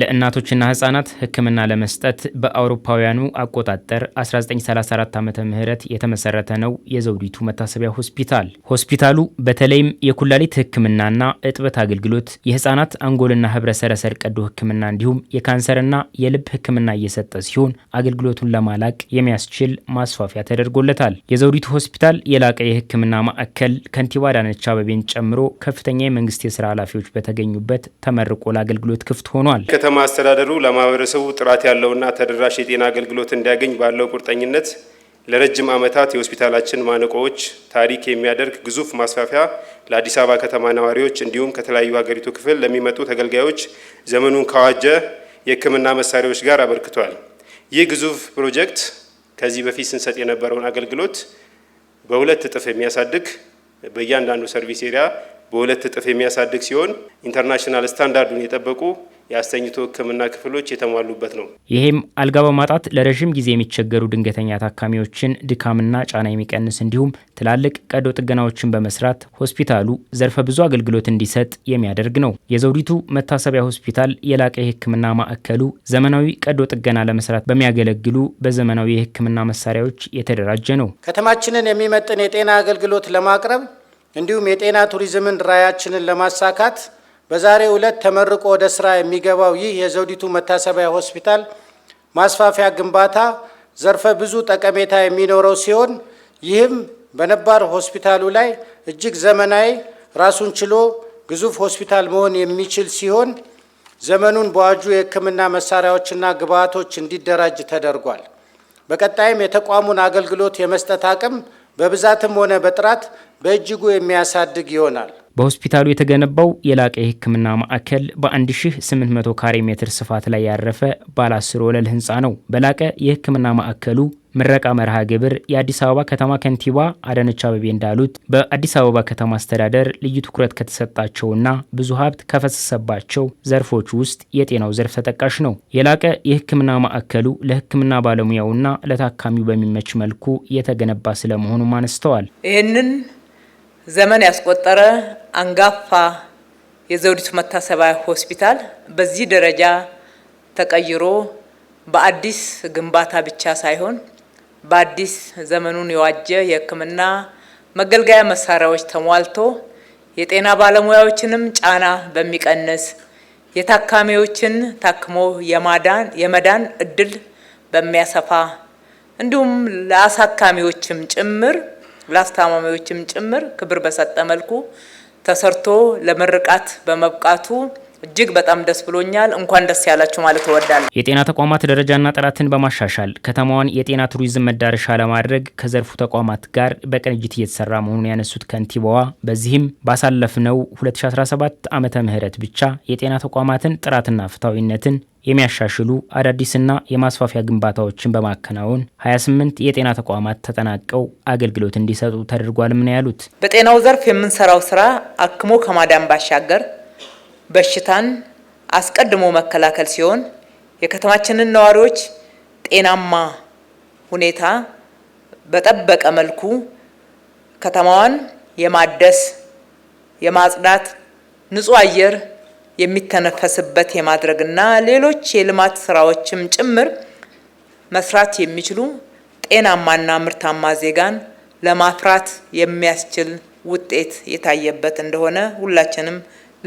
ለእናቶችና ህጻናት ህክምና ለመስጠት በአውሮፓውያኑ አቆጣጠር 1934 ዓ ምህረት የተመሰረተ ነው የዘውዲቱ መታሰቢያ ሆስፒታል። ሆስፒታሉ በተለይም የኩላሊት ህክምናና እጥበት አገልግሎት፣ የህጻናት አንጎልና ህብረ ሰረሰር ቀዶ ህክምና እንዲሁም የካንሰርና የልብ ህክምና እየሰጠ ሲሆን አገልግሎቱን ለማላቅ የሚያስችል ማስፋፊያ ተደርጎለታል። የዘውዲቱ ሆስፒታል የላቀ የህክምና ማዕከል ከንቲባ አዳነች አበቤን ጨምሮ ከፍተኛ የመንግስት የስራ ኃላፊዎች በተገኙበት ተመርቆ ለአገልግሎት ክፍት ሆኗል። ከተማ አስተዳደሩ ለማህበረሰቡ ጥራት ያለውና ተደራሽ የጤና አገልግሎት እንዲያገኝ ባለው ቁርጠኝነት ለረጅም ዓመታት የሆስፒታላችን ማነቆዎች ታሪክ የሚያደርግ ግዙፍ ማስፋፊያ ለአዲስ አበባ ከተማ ነዋሪዎች እንዲሁም ከተለያዩ ሀገሪቱ ክፍል ለሚመጡ ተገልጋዮች ዘመኑን ካዋጀ የሕክምና መሳሪያዎች ጋር አበርክቷል። ይህ ግዙፍ ፕሮጀክት ከዚህ በፊት ስንሰጥ የነበረውን አገልግሎት በሁለት እጥፍ የሚያሳድግ በእያንዳንዱ ሰርቪስ ኤሪያ በሁለት እጥፍ የሚያሳድግ ሲሆን ኢንተርናሽናል ስታንዳርዱን የጠበቁ የአስተኝቶ ሕክምና ክፍሎች የተሟሉበት ነው። ይህም አልጋ በማጣት ለረዥም ጊዜ የሚቸገሩ ድንገተኛ ታካሚዎችን ድካምና ጫና የሚቀንስ እንዲሁም ትላልቅ ቀዶ ጥገናዎችን በመስራት ሆስፒታሉ ዘርፈ ብዙ አገልግሎት እንዲሰጥ የሚያደርግ ነው። የዘውዲቱ መታሰቢያ ሆስፒታል የላቀ የሕክምና ማዕከሉ ዘመናዊ ቀዶ ጥገና ለመስራት በሚያገለግሉ በዘመናዊ የሕክምና መሳሪያዎች የተደራጀ ነው። ከተማችንን የሚመጥን የጤና አገልግሎት ለማቅረብ እንዲሁም የጤና ቱሪዝምን ራዕያችንን ለማሳካት በዛሬ ዕለት ተመርቆ ወደ ስራ የሚገባው ይህ የዘውዲቱ መታሰቢያ ሆስፒታል ማስፋፊያ ግንባታ ዘርፈ ብዙ ጠቀሜታ የሚኖረው ሲሆን ይህም በነባር ሆስፒታሉ ላይ እጅግ ዘመናዊ ራሱን ችሎ ግዙፍ ሆስፒታል መሆን የሚችል ሲሆን ዘመኑን በዋጁ የሕክምና መሳሪያዎችና ግብዓቶች እንዲደራጅ ተደርጓል። በቀጣይም የተቋሙን አገልግሎት የመስጠት አቅም በብዛትም ሆነ በጥራት በእጅጉ የሚያሳድግ ይሆናል። በሆስፒታሉ የተገነባው የላቀ የሕክምና ማዕከል በ1800 ካሬ ሜትር ስፋት ላይ ያረፈ ባለ አስር ወለል ህንፃ ነው። በላቀ የሕክምና ማዕከሉ ምረቃ መርሃ ግብር የአዲስ አበባ ከተማ ከንቲባ አዳነች አበቤ እንዳሉት በአዲስ አበባ ከተማ አስተዳደር ልዩ ትኩረት ከተሰጣቸውና ብዙ ሀብት ከፈሰሰባቸው ዘርፎች ውስጥ የጤናው ዘርፍ ተጠቃሽ ነው። የላቀ የህክምና ማዕከሉ ለህክምና ባለሙያውና ለታካሚው በሚመች መልኩ የተገነባ ስለመሆኑም አነስተዋል። ይህንን ዘመን ያስቆጠረ አንጋፋ የዘውዲቱ መታሰቢያ ሆስፒታል በዚህ ደረጃ ተቀይሮ በአዲስ ግንባታ ብቻ ሳይሆን በአዲስ ዘመኑን የዋጀ የሕክምና መገልገያ መሳሪያዎች ተሟልቶ የጤና ባለሙያዎችንም ጫና በሚቀንስ የታካሚዎችን ታክሞ የማዳን የመዳን እድል በሚያሰፋ እንዲሁም ለአሳካሚዎችም ጭምር ለአስታማሚዎችም ጭምር ክብር በሰጠ መልኩ ተሰርቶ ለምርቃት በመብቃቱ እጅግ በጣም ደስ ብሎኛል። እንኳን ደስ ያላችሁ ማለት እወዳለሁ። የጤና ተቋማት ደረጃና ጥራትን በማሻሻል ከተማዋን የጤና ቱሪዝም መዳረሻ ለማድረግ ከዘርፉ ተቋማት ጋር በቅንጅት እየተሰራ መሆኑን ያነሱት ከንቲባዋ በዚህም ባሳለፍነው 2017 ዓመተ ምህረት ብቻ የጤና ተቋማትን ጥራትና ፍትሐዊነትን የሚያሻሽሉ አዳዲስና የማስፋፊያ ግንባታዎችን በማከናወን 28 የጤና ተቋማት ተጠናቀው አገልግሎት እንዲሰጡ ተደርጓል ምን ያሉት። በጤናው ዘርፍ የምንሰራው ስራ አክሞ ከማዳን ባሻገር በሽታን አስቀድሞ መከላከል ሲሆን የከተማችንን ነዋሪዎች ጤናማ ሁኔታ በጠበቀ መልኩ ከተማዋን የማደስ የማጽዳት፣ ንጹህ አየር የሚተነፈስበት የማድረግና ሌሎች የልማት ስራዎችም ጭምር መስራት የሚችሉ ጤናማና ምርታማ ዜጋን ለማፍራት የሚያስችል ውጤት የታየበት እንደሆነ ሁላችንም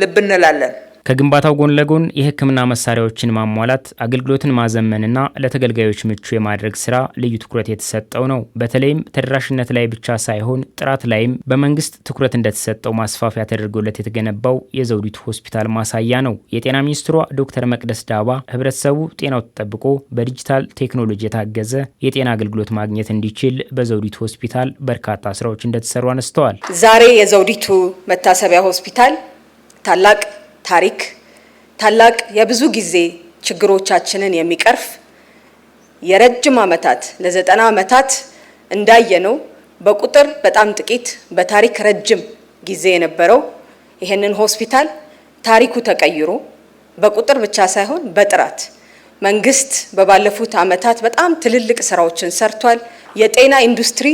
ልብ እንላለን። ከግንባታው ጎን ለጎን የሕክምና መሳሪያዎችን ማሟላት አገልግሎትን ማዘመንና ለተገልጋዮች ምቹ የማድረግ ስራ ልዩ ትኩረት የተሰጠው ነው። በተለይም ተደራሽነት ላይ ብቻ ሳይሆን ጥራት ላይም በመንግስት ትኩረት እንደተሰጠው ማስፋፊያ ተደርጎለት የተገነባው የዘውዲቱ ሆስፒታል ማሳያ ነው። የጤና ሚኒስትሯ ዶክተር መቅደስ ዳባ ህብረተሰቡ ጤናው ተጠብቆ በዲጂታል ቴክኖሎጂ የታገዘ የጤና አገልግሎት ማግኘት እንዲችል በዘውዲቱ ሆስፒታል በርካታ ስራዎች እንደተሰሩ አነስተዋል። ዛሬ የዘውዲቱ መታሰቢያ ሆስፒታል ታላቅ ታሪክ፣ ታላቅ የብዙ ጊዜ ችግሮቻችንን የሚቀርፍ የረጅም ዓመታት ለዘጠና ዓመታት እንዳየነው በቁጥር በጣም ጥቂት በታሪክ ረጅም ጊዜ የነበረው ይህንን ሆስፒታል ታሪኩ ተቀይሮ በቁጥር ብቻ ሳይሆን በጥራት መንግስት በባለፉት ዓመታት በጣም ትልልቅ ስራዎችን ሰርቷል። የጤና ኢንዱስትሪ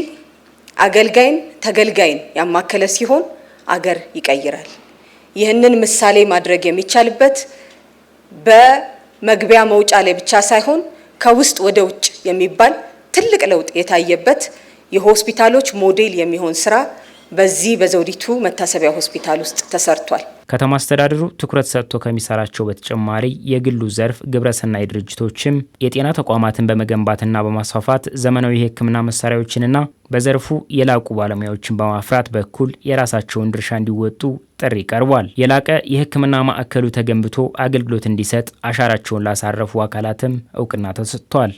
አገልጋይን ተገልጋይን ያማከለ ሲሆን አገር ይቀይራል። ይህንን ምሳሌ ማድረግ የሚቻልበት በመግቢያ መውጫ ላይ ብቻ ሳይሆን ከውስጥ ወደ ውጭ የሚባል ትልቅ ለውጥ የታየበት የሆስፒታሎች ሞዴል የሚሆን ስራ በዚህ በዘውዲቱ መታሰቢያ ሆስፒታል ውስጥ ተሰርቷል። ከተማ አስተዳደሩ ትኩረት ሰጥቶ ከሚሰራቸው በተጨማሪ የግሉ ዘርፍ ግብረሰናይ ድርጅቶችም የጤና ተቋማትን በመገንባትና በማስፋፋት ዘመናዊ የሕክምና መሳሪያዎችንና በዘርፉ የላቁ ባለሙያዎችን በማፍራት በኩል የራሳቸውን ድርሻ እንዲወጡ ጥሪ ቀርቧል። የላቀ የሕክምና ማዕከሉ ተገንብቶ አገልግሎት እንዲሰጥ አሻራቸውን ላሳረፉ አካላትም እውቅና ተሰጥቷል።